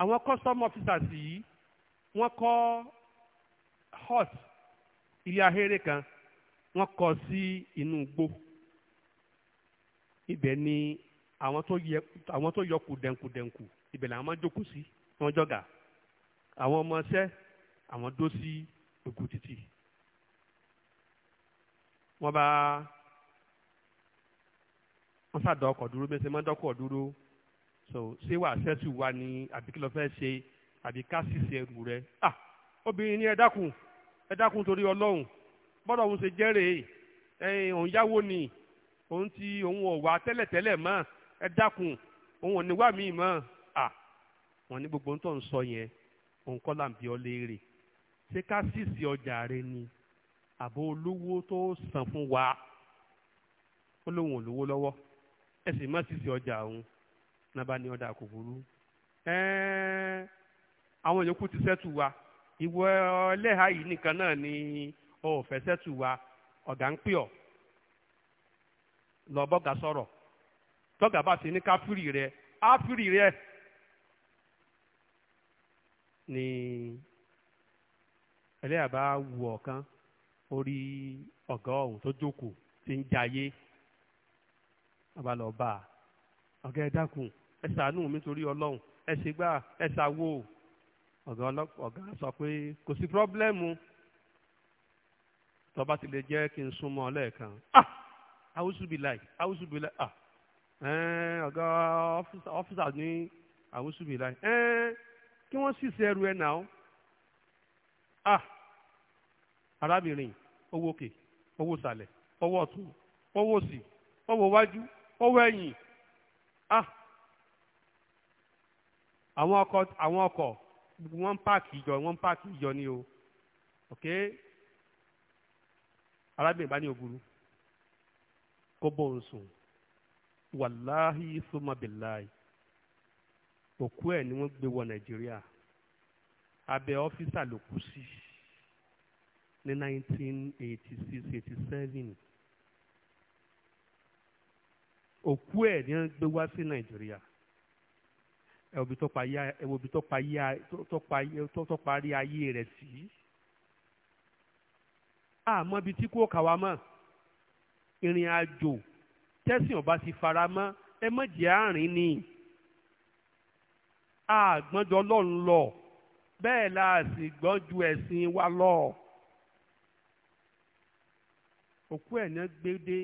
àwọn custom officers yìí wọ́n kọ́ hut ilé ahéré kan wọ́n kọ́ sí inú igbó ibẹ̀ ni àwọn tó yọ kùdẹ̀nkùdẹ̀nkù ibẹ̀ làwọn máa jókòó sí wọ́n jọ̀gà àwọn ọmọ ọṣẹ́ àwọn dó sí ògùn títì wọ́n bá wọ́n sàdọ̀ ọkọ̀ dúró bí wọ́n máa dọ́kọ̀ dúró so ṣé wàá ṣẹ́tù wa ni àbí kí ló fẹ́ ṣe àbí ká ṣìṣe ẹrù rẹ ah obìnrin ni ẹ dákun ẹ dákun torí ọlọ́run bọ́dọ̀ òun ṣe jẹ́rè ẹ̀yìn òun yáwó ni òun ti òun ọ̀wà tẹ́lẹ̀tẹ́lẹ̀ mọ́ ẹ òun ò ní wà míì mọ́ ah wọ́n ní gbogbo ohun tó ń sọ yẹn òun kọ́ là ń ṣé ká ṣìṣe ọjà rẹ ni àbò olówó tó san fún wa ó lóun ò lówó lọ́wọ́ ẹ má ṣìṣe ọjà òun. náà ní ọ̀dà kò burú àwọn yòókù ti sẹ́tù wa ìwọ ẹlẹ́hà yìí nìkan náà ni ọ̀fẹ́ sẹ́tù wa ọ̀gá ń pè ọ́ lọ bọ́gà sọ̀rọ̀ tọ́gà bá ti ní káfírì rẹ áfírì rẹ ni ẹlẹ́yà bá wù ọ̀kan orí ọ̀gá ọ̀hún tó jókòó ti ń jayé ẹ ṣàánú mi torí ọlọ́run ẹ ṣe gbà ẹ ṣàwò ọ̀gá ọ̀gá sọ pé kò sí pírọ́blẹ́mù tó ti lè jẹ́ kí n súnmọ́ lẹ́ẹ̀kan ah awúsùbìláì awúsùbìláì ah ọ̀gá ọ́fíìsà ní awúsùbìláì kí wọ́n sì ṣe ẹrù ẹ̀ náà ah arábìnrin owó òkè owó ìsàlẹ̀ owó ọ̀tún owó òsì owó iwájú owó ẹ̀yìn ah àwọn ọkọ̀ àwọn ọkọ̀ wọ́n ń páàkì ìjọ wọ́n ń ìjọ ni o ok arábìnrin bá ní òguru kó bóun sùn wàláhì sọmọbìláì òkú ẹ̀ ni wọ́n gbé wọ nàìjíríà abẹ́ ọ́fíìsà ló kú sí ní 1986-87 òkú ẹ̀ ni wọ́n gbé wá sí nàìjíríà ẹ wo ibi tó parí ayé rẹ̀ sí. àmọ́ ibi tí kò kà wá mọ́ ìrìn àjò tẹ́sìn ọba ti fara mọ́ ẹ má jẹ́ àárín ni àgbọ́njọ ọlọ́run lọ bẹ́ẹ̀ la sì gbọ́n ju ẹ̀sìn wa lọ. òkú ẹ̀ náà gbédé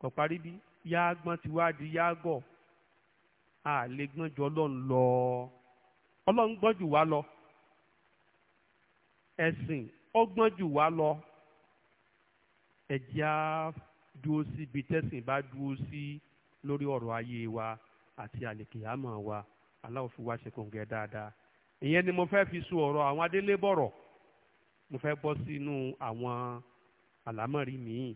kò parí bí yáágbọ́n ti wá di yáágọ̀ a lè gbọ́n ju ọlọ́run lọ ọlọ́run gbọ́n jù wá lọ ẹ̀sìn ó gbọ́n jù wá lọ ẹ̀jẹ̀ á dúró sí ibi tẹ́sìn bá dúró sí lórí ọ̀rọ̀ ayé wa àti àlèkèyàmọ̀ wa aláwọ̀ fi wá ṣe kòǹgẹ́ dáadáa ìyẹn ni mo fẹ́ fi sun ọ̀rọ̀ àwọn adélébọ̀rọ̀ mo fẹ́ bọ́ sínú àwọn mi. míì.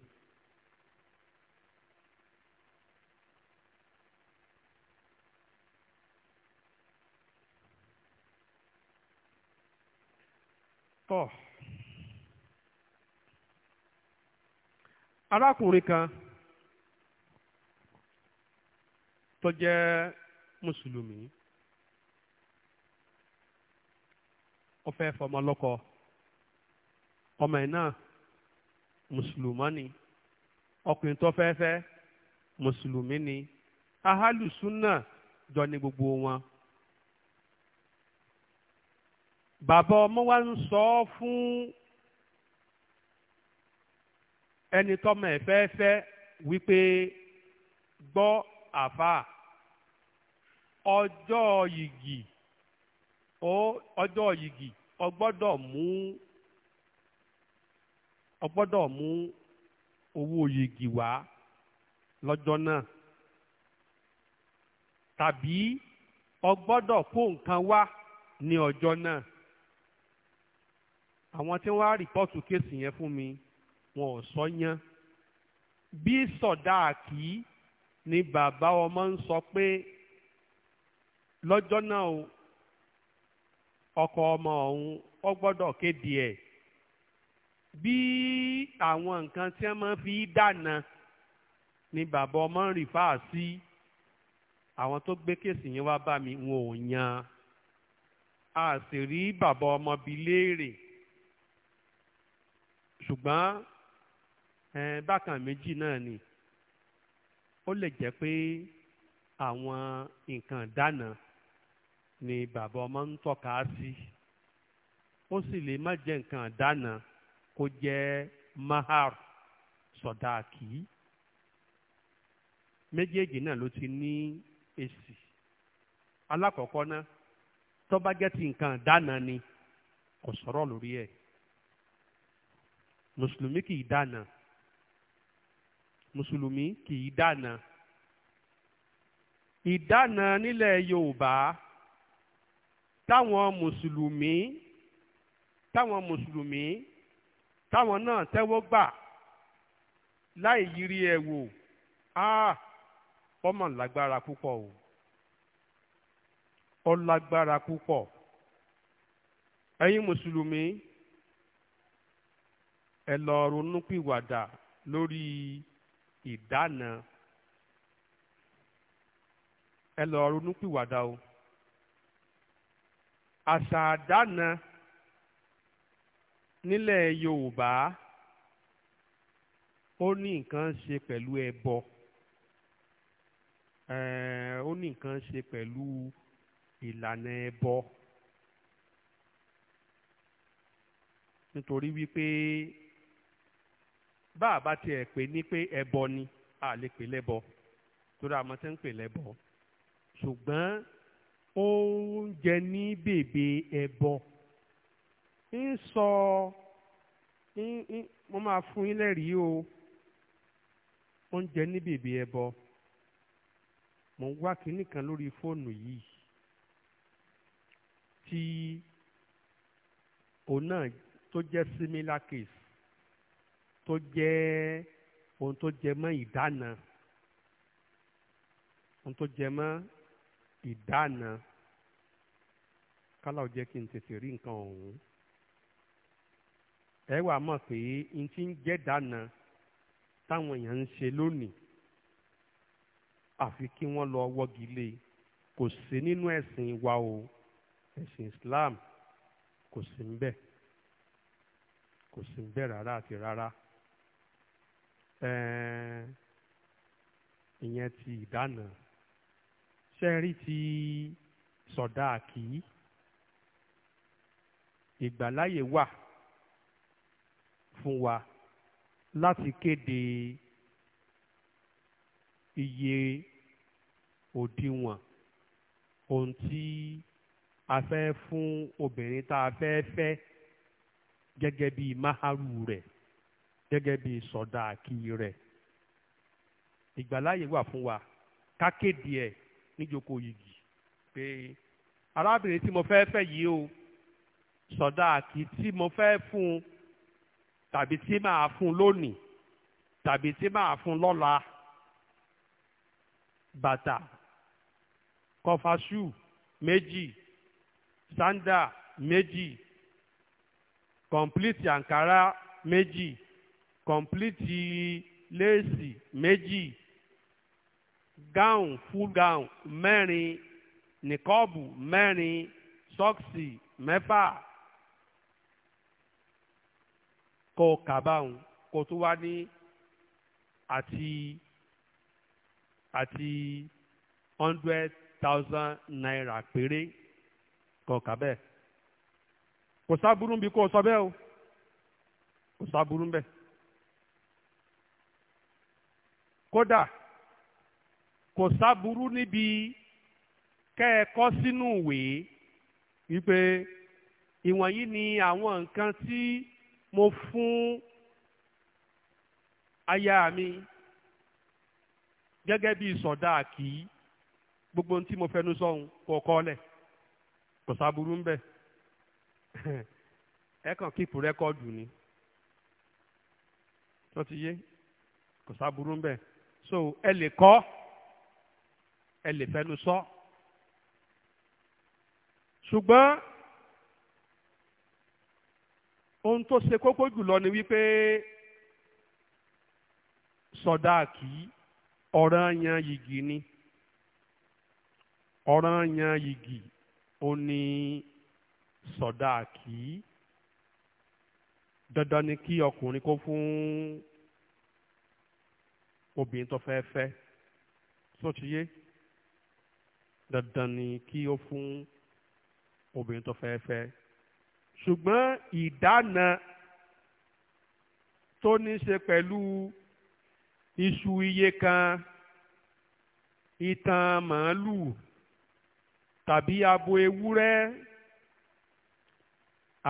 tọ́ oh. arákùnrin kan tó jẹ́ mùsùlùmí ó fẹ́ fọmọ lọ́kọ ọmọ ẹ̀ náà mùsùlùmá ni ọkùnrin tó fẹ́ fẹ́ mùsùlùmí ni gbogbo wọn. bàbá ọmọ wa ń sọ ọ́ fún ẹni tọ́mọ ẹ̀ fẹ́ fẹ́ wípé gbọ́ àfáà ọjọ́ yìgì ó ọjọ́ yìgì ó gbọ́dọ̀ mú ó gbọ́dọ̀ mú owó yìgì wá lọ́jọ́ náà tàbí ó gbọ́dọ̀ kó nǹkan wá ní ọjọ́ náà. àwọn tí wọ́n á rìpọ́ọ̀tù kéèsì yẹn fún mi wọn ò sọ yán bí sọ̀dáàkì ni bàbá ọmọ ń sọ pé lọ́jọ́ náà o ọkọ ọmọ ọ̀hún ọ gbọ́dọ̀ kéde ẹ̀ bí àwọn nǹkan tí wọ́n máa fi dànà ni bàbá ọmọ ń rìfà sí àwọn tó gbé kéèsì yẹn wá bá mi wọn ò yan a sì rí bàbá ọmọ bíi léèrè. ṣùgbọ́n bákan méjì náà ni ó lè jẹ́ pé àwọn nǹkan dáná ni bàbá ọmọ ń tọ́ka sí ó sì lè má jẹ́ nǹkan dáná kó jẹ́ mahar sọ̀dáàkì méjèèjì náà ló ti ní èsì alákọ̀ọ́kọ́ náà tó bá ti nǹkan dáná ni kò sọ̀rọ̀ lórí ẹ̀. E. mùsùlùmí kì í dáná mùsùlùmí kì í dáná ìdáná nílẹ̀ Yorùbá táwọn mùsùlùmí táwọn mùsùlùmí táwọn náà tẹ́wọ́ gbà láì yiri ẹ̀ wò ọmọ lágbára púpọ̀ o ọ lágbára púpọ̀ ẹ̀yin mùsùlùmí ẹ lọ ronúpìwàdà lórí ìdáná ẹ lọ ronúpìwàdà o àṣà àdáná nílẹ̀ Yorùbá ó ní nǹkan ṣe pẹ̀lú ẹbọ ó ní nǹkan ṣe pẹ̀lú ìlànà ẹbọ nítorí wípé bá a bá tiẹ̀ pè ní pé ẹbọ ni a lè pè lẹ́bọ torí àmọ́ tẹ́ ń pè lẹ́bọ ṣùgbọ́n ó ń jẹ ní bèbè ẹbọ ń sọ mo máa fún yín lẹ́rìí o ó ń jẹ ní bèbè ẹbọ mo ń wá kinní kan lórí fóònù yìí tí òun náà tó jẹ́ similar case tó jẹ́ ohun tó jẹ mọ́ ìdáná ohun tó jẹ mọ́ ìdáná kálá ò jẹ́ kí n tètè rí nǹkan ọ̀hún ẹ wàá mọ̀ pé n ti ń jẹ́ dáná táwọn èèyàn ń ṣe lónìí àfi kí wọ́n lọ wọ́gi lé e. kò sí nínú ẹ̀sìn wa o ẹ̀sìn Islam kò sí ń bẹ̀ kò sí ń bẹ̀ rárá àti rárá. Eh, ìyẹn ti ìdáná ṣẹ́rí ti sọ̀dáàkì ìgbàláyè wà fún wa láti kéde iye òdiwọ̀n ohun tí a fẹ́ fún obìnrin tá a fẹ́ fẹ́ gẹ́gẹ́ bíi máhàrú rẹ̀ gẹ́gẹ́ bí sọ̀dà àkì rẹ̀ ìgbàláyè wà fún wa ká kéde ẹ̀ níjókòó yìí pé arábìnrin tí mo fẹ́ fẹ́ yìí o sọ̀dà àkì tí mo fẹ́ fún un tàbí tí màá fún lónìí tàbí tí màá fún lọ́la bàtà kọfasù méjì sándà méjì kọ̀ǹpìlìtì àǹkárá méjì kọ̀m̀plìtì lesi meji gáùn full gáùn mẹ́rin nìkọ́ọ̀bù mẹ́rin sọ́ọ̀sì mẹ́fà kó o kà báwọn kó ní àti àti hundred thousand naira péré kó o kà bẹ́ẹ̀ kò sábúrú bí kò sọ bẹ́ẹ̀ o kò sábúrú bẹ́ẹ̀. kódà kò sábúrú níbi kẹ́ẹ̀kọ́ sínú ìwé wípé ìwọ̀nyí ni àwọn nǹkan tí mo fún aya mi gẹ́gẹ́ bí sọ̀dá kì í gbogbo tí mo fẹnu sọ̀hún kò kọ́lẹ̀ kò sábúrú ń bẹ̀ ẹ kàn kíìpù rẹ́kọ́ọ̀dù ni tó ti yé kò sáburú ń bẹ̀. so ẹ lè kọ́ ẹ lè fẹnu sọ ṣùgbọ́n ohun tó ṣe kókó jùlọ ni wípé sọdáàkì ọ̀ràn yan yìgì ni ọ̀ràn yan yìgì ó ní sọdáàkì dandan ni kí ọkùnrin kó fún obìnrin tó fẹ́ fẹ́ sọ́tìyé dandan ni kí ó fún obìnrin tó fẹ́ fẹ́ ṣùgbọ́n ìdána tó ní ṣe pẹ̀lú iṣu iye kan ìtàn màálù tàbí abo ewúrẹ́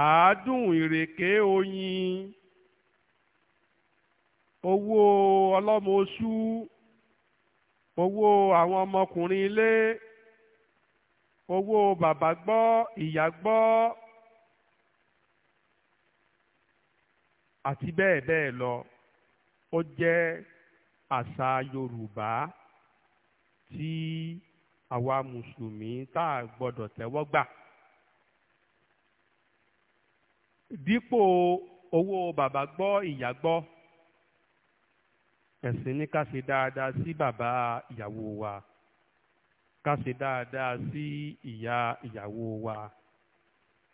àádùn ìrèké oyin owó ọlọ́mọ oṣù owó àwọn ọmọkùnrin ilé owó bàbá gbọ́ ìyá gbọ́ àti bẹ́ẹ̀ bẹ́ẹ̀ lọ ó jẹ́ àṣà Yorùbá tí àwa mùsùlùmí tá a gbọ́dọ̀ tẹ́wọ́ gbà dípò owó bàbá gbọ́ ìyá gbọ́ ẹ̀sìn ní ká ṣe dáadáa sí bàbá ìyàwó wa ká ṣe dáadáa sí ìyá ìyàwó wa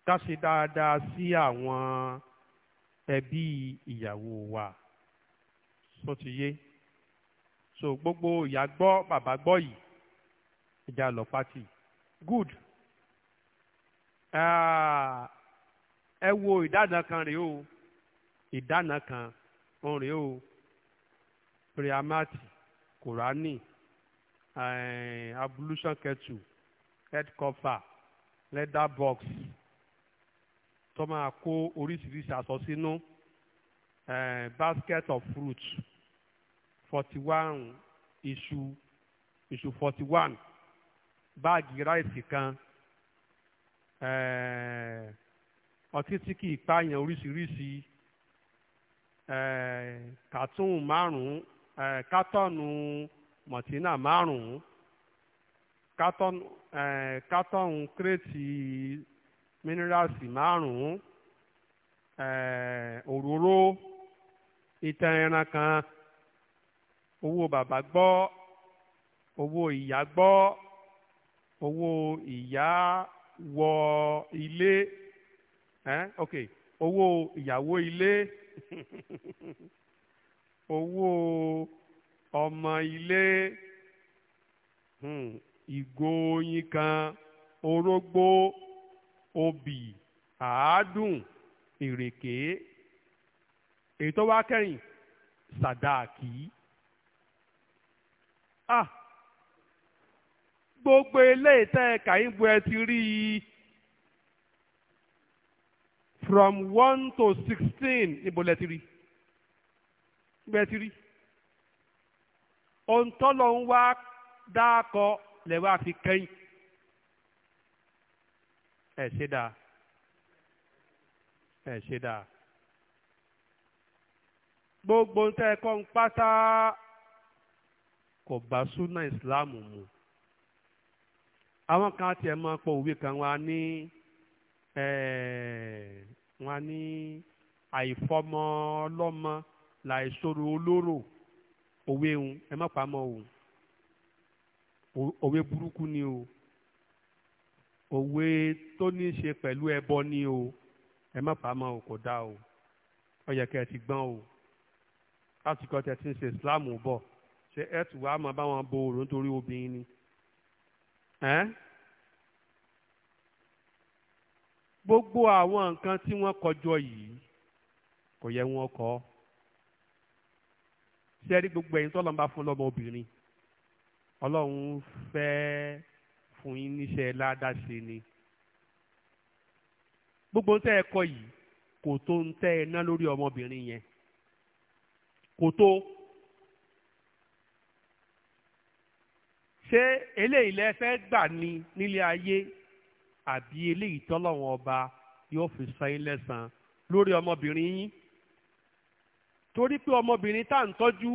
ká ṣe dáadáa sí àwọn ẹbí ìyàwó wa sọ ti yé so gbogbo ìyá gbọ́ bàbá gbọ́ yìí ìjà lọ pátì good ah, ẹ wo ìdáná kan rèé o ìdáná kan òun rèé o priamati kurani eh, ablution kettle head cover leather box tó máa kó oríṣiríṣi aṣọ sínú eh, basket of fruit forty one iṣu iṣu forty one báàgì ráìsì kan eh, ọtí tí kì í pààyàn oríṣiríṣi kàtún márùn-ún kátọ́ọ̀nù mọ̀tínà márùn-ún kátọ́ọ̀nù kátọ́ọ̀nù kírètì mínírààsì márùn-ún òróró ìtàn ẹran kan owó bàbá gbọ́ owó ìyá gbọ́ owó ìyá wọ ilé eh? ok owó ìyàwó ilé owó ọmọ ilé hmm, ìgò oyin kan orógbó obì àádùn ìrèké èyí tó wá kẹ́yìn sàdáàkì ah gbogbo eléyìí tẹ́ ẹ kà bu ẹ ti rí i from one to sixteen níbo lẹ ti rí i gbẹ̀tìrì ohun tọ́lọ̀ ń wá dáàkọ lẹ́wọ́ àfi kẹ́yìn ẹ̀ ṣe dáa ẹ̀ ṣe dáa gbogbo tẹ́ ẹ kọ́ ń pátá kò bá súnà ìsìláàmù mu àwọn kan tiẹ̀ máa pọ̀ òwe kan wá ní wọ́n á ní àìfọmọ làìṣòro olóró òwe ń ẹ má pamọ́ o òwe burúkú ni o òwe tó ní í ṣe pẹ̀lú ẹbọ ni o ẹ má pamọ́ o kò dáa o ó yẹ kẹ́ ẹ ti gbọ́n o lásìkò tẹ̀ tí ń ṣe Islam bọ̀ ṣe ẹ tù wá máa bá wọn bo òrò nítorí obìnrin ni. gbogbo àwọn nǹkan tí wọ́n kọjọ yìí kò yẹ wọn kọ́ ṣe rí gbogbo ẹ̀yin tọ́lọ́n bá fún lọ́mọ obìnrin ọlọ́run fẹ́ fún yín níṣẹ́ ládàṣe ni gbogbo tẹ́ ẹ kọ́ yìí kò tó ń tẹ́ ẹ ná lórí ọmọbìnrin yẹn kò tó ṣé eléyìí lẹ fẹ́ gbà ní nílé ayé àbí eléyìí tọ́lọ́run ọba yóò fi san yín lẹ́san lórí ọmọbìnrin yín torí pé ọmọbìnrin tá à ń tọ́jú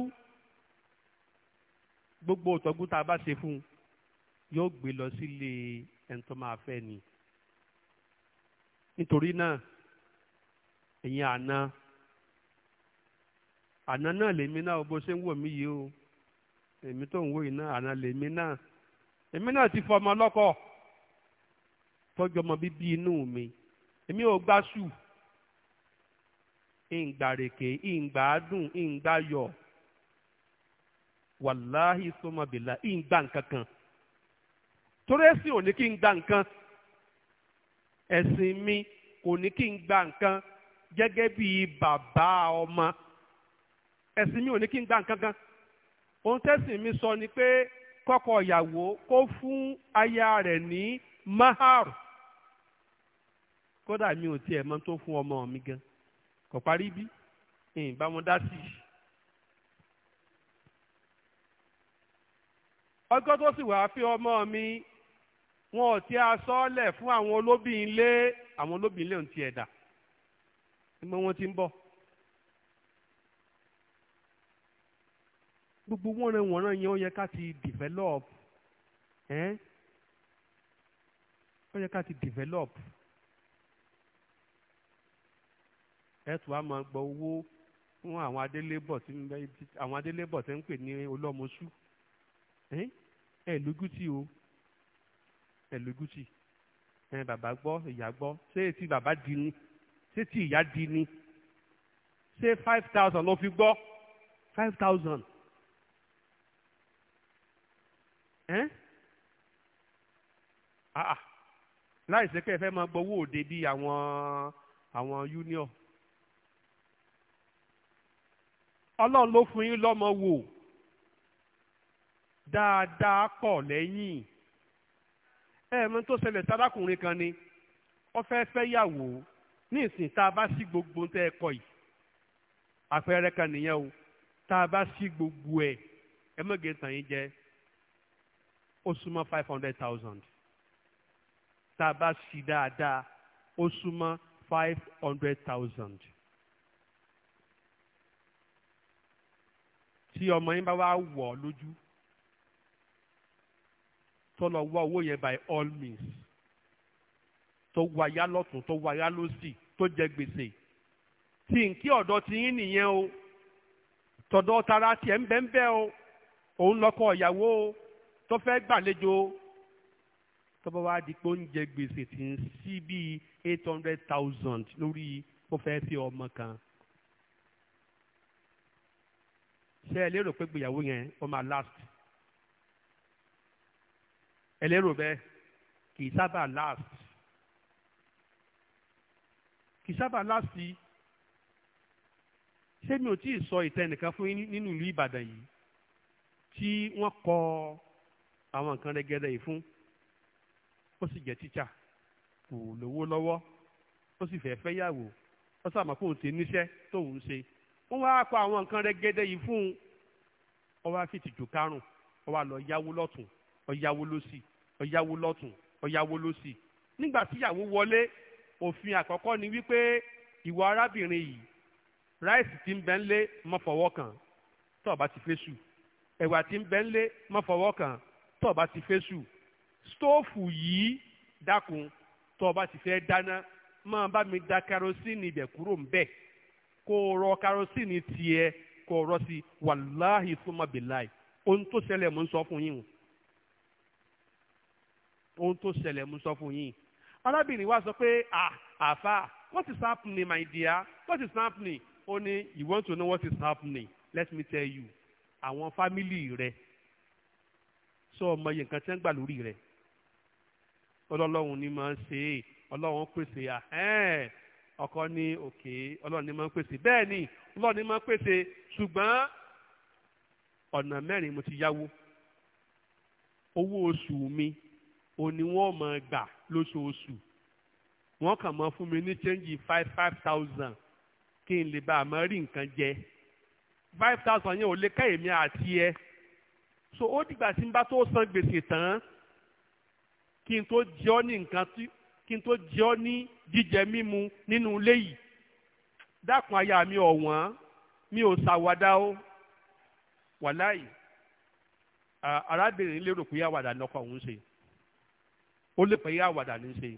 gbogbo ìtọ́jú tá a bá ṣe fún un yóò gbé lọ sílé ẹni tó máa fẹ́ ni nítorí náà ẹ̀yin àna àna náà lèmi náà bó ṣe ń wò mí yìí o èmi tó ń wò yìí náà àna lèmi náà èmi náà ti fọmọ lọ́kọ tọ́jú ọmọ bíbí inú mi èmi ò gbásù. ìǹgbàrèkè ìǹgbàádùn ìǹgbàyọ̀ wàláhì sọmọbìlà ìǹgbà nǹkan kan tórẹ́sì ò ní kí n gba nkan ẹ̀sìn mi kò ní kí n gba nǹkan gẹ́gẹ́ bí bàbá ọmọ ẹ̀sìn mi ò ní kí n gba ohun mi sọ ni pé kọ́kọ ìyàwó kó fún aya rẹ̀ ní maharu kódà mi ò tiẹ̀ mọ̀ tó fún ọmọ mi gan kò parí bí ìyìn bá wọn dá sí i. ọjọ́ tó sì wàá fi ọmọ mi wọn ò tí a sọ́ọ́lẹ̀ fún àwọn olóbìnrin lé àwọn olóbìnrin lé òun ti ẹ̀dà nígbà wọn ti ń bọ̀. gbogbo wọn rẹ yẹn ó yẹ ká ti develop ẹ ó yẹ ká ti develop. Eh? ẹ̀tù wa máa gbọ́ owó fún àwọn adélébọ̀ tí àwọn adélébọ̀ tí ń pè ní olómoṣú ẹ̀ lójútì o ẹ̀ lójútì ẹ̀ bàbá gbọ́ ìyá gbọ́ ṣé ti bàbá di ni ṣé ti ìyá di ni ṣé five thousand ló fi gbọ́ five thousand ẹ́n ah, ah. láìsí pé ẹ fẹ́ máa gbowó òde bíi àwọn àwọn union ọlọ́run ló fún yín lọ́mọ wò dáadáa kọ̀ lẹ́yìn ẹ̀ẹ̀mí tó ṣẹlẹ̀ sárákùnrin kan ni ó fẹ́ fẹ́ yàwó ní ìsìn tá a bá sí gbogbo tẹ́ ẹ kọ yìí àpẹẹrẹ kan nìyẹn o tá a bá sí gbogbo ẹ ẹ mọ̀gẹ́ tàn yín jẹ ó súnmọ́ five hundred thousand tá a bá sí dáadáa ó súnmọ́ five hundred thousand. tí ọmọ yín bá wá wọ̀ ọ́ lójú tó lọ wá owó yẹn by all means tó wá yá lọ́tún tó wá yá lọ́sì tó jẹ gbèsè tí nkí ọ̀dọ́ ti yín nìyẹn o tọ̀dọ̀ tara tiẹ̀ ń bẹ́ ń bẹ́ o òun lọ́kọ ìyàwó o tó fẹ́ gbàlejò o tó bá wá di pé oúnjẹ gbèsè ti ń sí bíi eight hundred thousand lórí ó fẹ́ fi ọmọ kan ṣé ẹ lérò pé ìgbéyàwó yẹn ó máa last ẹ lérò bẹ́ẹ̀ kì í sábà last kì í sábà last ṣé mi ò tí ì sọ ìtàn nìkan fún yín nínú ìlú Ìbàdàn yìí tí wọ́n kọ àwọn nǹkan rẹ̀gẹ̀dẹ̀ yìí fún ó sì jẹ́ tíṣà kò lówó lọ́wọ́ ó sì fẹ́ fẹ́yàwó ó sàmọ́ kóun ti níṣẹ́ tóun ṣe wọ́n wá kọ àwọn nǹkan rẹ̀gẹ́dẹ́ yìí fún un ó wá fi tìjú kárùn ó wá lọ yáwó lọ́tún ó yáwó lọ́sì ó yáwó lọ́tún ó yáwó lọ́sì nígbà tíyàwó wọlé òfin àkọ́kọ́ ni wípé ìwọ arábìnrin yìí ráìsì tí ń bẹ ń lé mọ́ fọwọ́ kàn tó bá ti fésù ẹ̀wà tí ń bẹ ń lé mọ́ fọwọ́ kàn tó bá ti fésù stóòfù yìí dákun tó bá ti fẹ́ dáná máa bá mi da kẹrosínì ibẹ̀ kúrò ń bẹ́ẹ̀ kó o rọ karosíìnì tiẹ̀ kó o rọ sí wàláhì fúnmabìláì ohun tó ṣẹlẹ̀ mò sọ fún yín o ohun tó ṣẹlẹ̀ mò sọ fún yín arábìnrin wa sọ pé ah àfa what is happening my dear what is happening ó ní you want to know what is happening let me tell you àwọn fámìlì rẹ sọ ọmọ yẹn nǹkan tí wọ́n gbà lórí rẹ ọlọ́run ni máa ń ṣe é ọlọ́run pèsè à ẹ́ẹ̀ ọkọ ní òkè ọlọ́run ni máa ń pèsè bẹ́ẹ̀ ni ọlọ́run ni máa ń pèsè ṣùgbọ́n ọ̀nà mẹ́rin mo ti yáwó owó oṣù mi òní wọ́n máa gbà lóṣooṣù wọ́n kàn máa fún mi ní chẹ́ńjì five five thousand kí n lè bá a máa rí nǹkan jẹ five thousand yẹn ò lè ká èmi àti ẹ so ó dìgbà tí n bá tó san gbèsè tán kí n tó jẹ ní nǹkan kí n tó jẹ ọ́ ní jíjẹ mímu nínú ilé yìí dákun aya mi ọ̀wọ́n mi ò ṣàwàdà o wàláì arábìnrin lérò pé àwàdà lọkọ òun ṣe ó lè pẹ́ àwàdà ní ṣe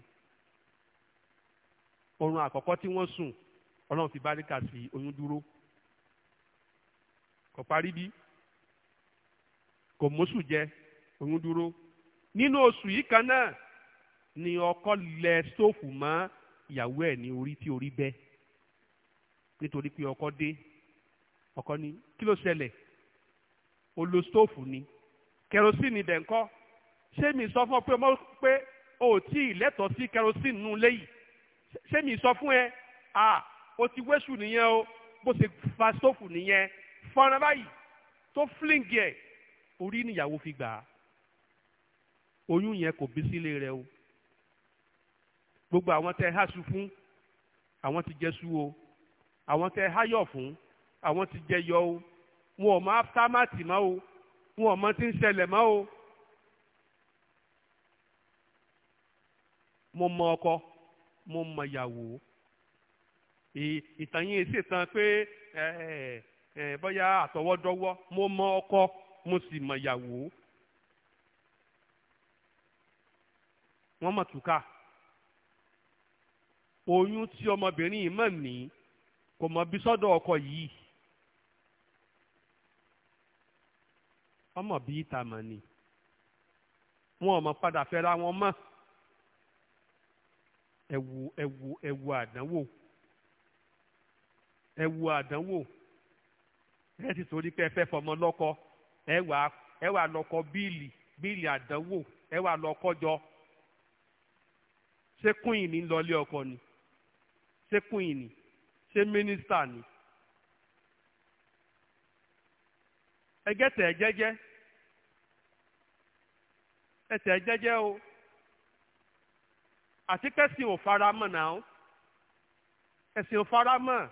oorun àkọ́kọ́ tí wọ́n sùn ọlọ́run fi báríkà sí oyún dúró kò parí bí kò mọ́sù jẹ oyún dúró nínú oṣù yìí kan náà ni ọkọ lẹ stóòfù mọ́ ìyàwó ẹ̀ ní orí tí orí bẹ́ nítorí pé ọkọ dé ọkọ ní kí ló ṣẹlẹ̀ ó lo stóòfù ni kẹrosínì dẹ̀ ń kọ́ ṣé mi sọ fún ọ pé ọmọ pé o ò tí ì lẹ́tọ̀ọ́ sí kẹrosínì nù léyìí ṣé mi sọ fún ẹ à o ti wéṣù nìyẹn o bó ṣe fa stóòfù nìyẹn fọ́nrán báyìí tó fílíǹgì ẹ̀ orí níyàwó fi gbà á oyún yẹn kò bí sílé rẹ o gbogbo àwọn tẹ́ hásu fún àwọn ti jẹ́sú o àwọn tẹ́ háyọ̀ fún àwọn ti jẹyọ o wọn ò mọ aftamati mọ́ o wọn ò mọ tí ń ṣẹlẹ̀ mọ́ o. mo mọ ọkọ mo mọ ìyàwó ìtàn yìí sì tán pé bóyá àtọwọ́dọ́wọ́ mo mọ ọkọ mo sì mọ ìyàwó wọ́n mọ̀ túká. oyún tí ọmọbìnrin yìí mọ̀ ní kò mọ̀ bí sọ́dọ̀ ọkọ yìí ọmọ bíi tàmọ̀ ni wọn ò mọ̀ padà fẹ́ra wọn mọ́ ẹ̀wù ẹ̀wù ẹ̀wù àdánwò ẹ̀wù àdánwò ẹ ti torí pé ẹ fẹ́ fọmọ lọ́kọ ẹ wà ẹ wà lọ́kọ bíìlì bíìlì àdánwò ẹ wà lọ́kọ jọ ṣé kúnyìn ní lọlé ọkọ ni. ṣé queen ni ṣé minister ni ẹgẹ́ tẹ ẹ́ jẹ́jẹ́ ẹ o àti kẹ́sìn ò fara mọ́ náà ẹ̀sìn ò fara mọ́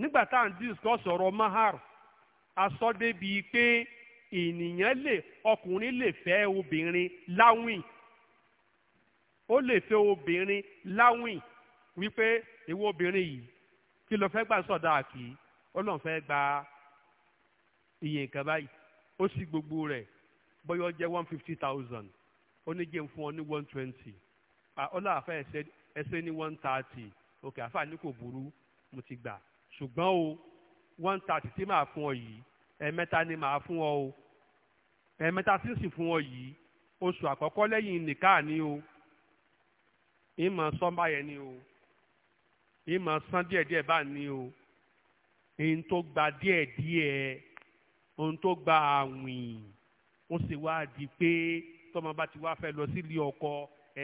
nígbà tá à ń discuss ọ̀rọ̀ mahar asọ́ débi pé ènìyàn lè ọkùnrin lè fẹ́ obìnrin láwìn ó lè fẹ́ obìnrin láwìn. wípé ìwọ obìnrin yìí kí ló fẹ́ gbà sọ̀dá àkì ó lóun fẹ́ gba iye nǹkan báyìí ó sì gbogbo rẹ̀ bọ́yọ̀ jẹ́ one fifty thousand ó ní jẹun fún ọ ní one twenty ọlọ́ àfẹ́ ẹsẹ̀ ní one thirty òkè àfà ní kò burú mo ti gbà ṣùgbọ́n o one thirty tí màá fún ọ yìí ẹ̀ẹ̀mẹ́ta ni màá fún ọ o ẹ̀ẹ̀mẹ́ta tí sì fún ọ yìí oṣù àkọ́kọ́ lẹ́yìn nìkan ni o ìmọ̀ sọ́mbà yẹn ni o yìí m'a san díẹ̀díẹ̀ bá ní o ohun tó gba díẹ̀díẹ̀ ohun tó gba àwìn ó sì wá di pé tọ́mọ bá ti wá fẹ́ lọ sílé ọkọ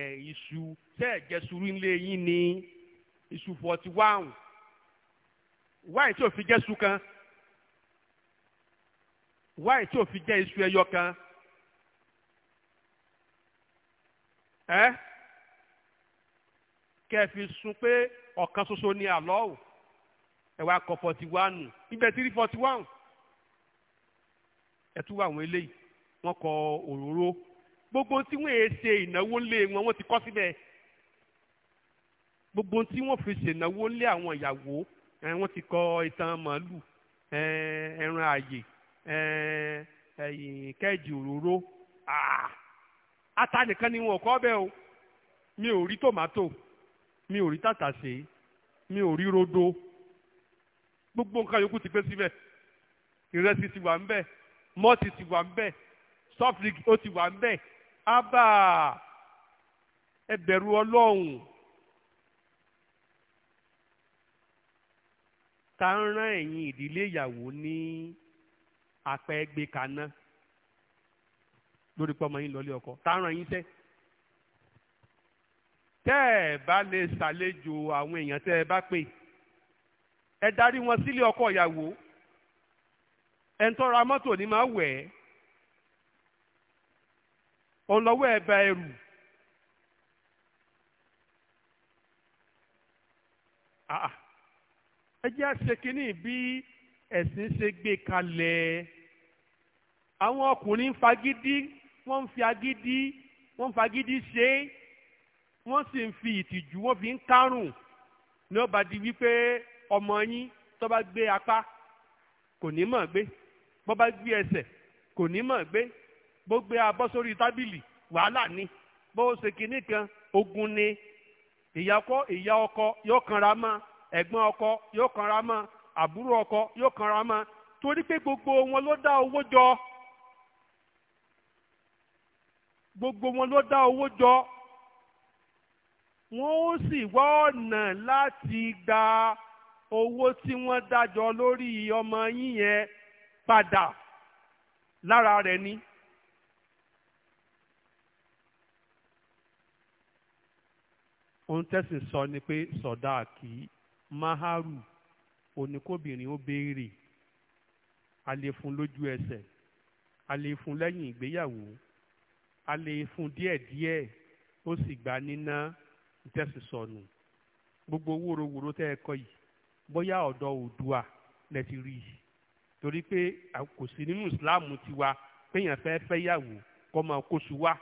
ẹ̀ iṣu sẹ́ẹ̀jẹ̀ sùúrù ńlẹ̀ yín ni iṣu forty one wáyé tí ò fi jẹ́ iṣu kan wáyé tí ò fi jẹ́ iṣu ẹyọ kan ẹ fi sun pé ọ̀kan ṣoṣo ni àlọ́ọ̀ ẹ wá kọ forty one ibẹ̀ tí rí forty one ẹ tún wá àwọn eléyìí wọ́n kọ òróró gbogbo tí wọ́n èé ṣe ìnáwó lé wọn wọ́n ti kọ́ síbẹ̀ gbogbo tí wọ́n fi ṣènáwó lé àwọn ìyàwó wọ́n ti kọ ìtàn màálù ẹran àyè kẹ́ẹ̀jì òróró ata ni wọn ò bẹ́ẹ̀ o mi ò rí tòmátò mi ò rí tàtàṣé mi ò rí rodo gbogbo nǹkan yòókù ti gbé síbẹ̀ ìrẹsì ti wà ń bẹ̀ ti wà ń bẹ̀ soft drink ó ti wà ń bẹ̀ ábà ẹ bẹ̀rù ọlọ́run ta ń rán ẹ̀yin ìdílé ìyàwó ní apẹ́gbẹ́ lórí pọ́nmọ́ lọ́lé ọkọ ta ń rán yín sẹ́ẹ́ tẹ́ ẹ̀ bá lè ṣàlejò àwọn èèyàn tẹ́ ẹ bá pè ẹ darí wọn sílé ọkọ ìyàwó ẹ ń tọ́ra mọ́tò ní máa wẹ̀ ẹ́ ọlọ́wọ́ ẹ bá ẹrù ẹ jẹ́ àṣekínní bí ẹ̀sìn ṣe gbé kalẹ̀ àwọn ọkùnrin ń wọ́n ń fi agídí wọ́n ń fagídí ṣe é wọ́n sì ń fi ìtìjú wọ́n fi ń kárùn ní ó bá di wípé ọmọ yín tó bá gbé apá kò ní mọ̀ gbé bó bá gbé ẹsẹ̀ kò ní mọ̀ gbé bó gbé abọ́ sórí tábìlì wàhálà ni bó ṣe kinní kan ogun ni ìyá ọkọ ìyá ọkọ yóò kanra mọ́ ẹ̀gbọ́n ọkọ yóò kanra mọ́ àbúrò ọkọ yóò kanra mọ́ torí pé gbogbo wọn ló dá owó jọ gbogbo wọn ló dá owó jọ wọ́n ó sì wá ọ̀nà láti gba owó tí wọ́n dájọ́ lórí ọmọ yín yẹn padà lára rẹ̀ ni. ohun tẹ́sìn sọ ni pé sọ̀dáàkì máhárù oníkóbìnrin ó béèrè a fún lójú ẹsẹ̀ a fún lẹ́yìn ìgbéyàwó a fún díẹ̀díẹ̀ ó sì gba níná ìtẹ́sí sọnù gbogbo wóróworó tẹ́ ẹ kọ́ yìí bóyá ọ̀dọ̀ Oòduà lẹ ti rí i torí pé kò sí nínú ìsìláàmù tiwa péyàn fẹ́ fẹ́yàwó kọ́ máa kóṣù wá